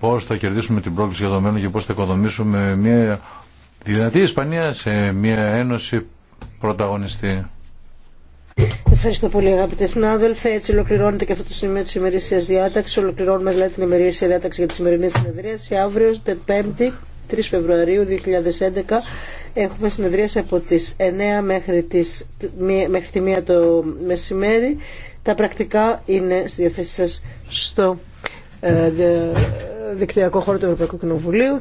πώς θα κερδίσουμε την πρόκληση για το μέλλον και πώς θα οικοδομήσουμε μια δυνατή Ισπανία σε μια ένωση πρωταγωνιστή. Ευχαριστώ πολύ αγαπητέ συνάδελφοι. Έτσι ολοκληρώνεται και αυτό το σημείο τη ημερήσια διάταξη. Ολοκληρώνουμε δηλαδή την ημερήσια διάταξη για τη σημερινή συνεδρίαση. Αύριο, 5η, 3 Φεβρουαρίου 2011, έχουμε συνεδρίαση από τι 9 μέχρι, τις, μέχρι τη 1 το μεσημέρι. Τα πρακτικά είναι στη διαθέση σα στο ε, δικτυακό χώρο του Ευρωπαϊκού Κοινοβουλίου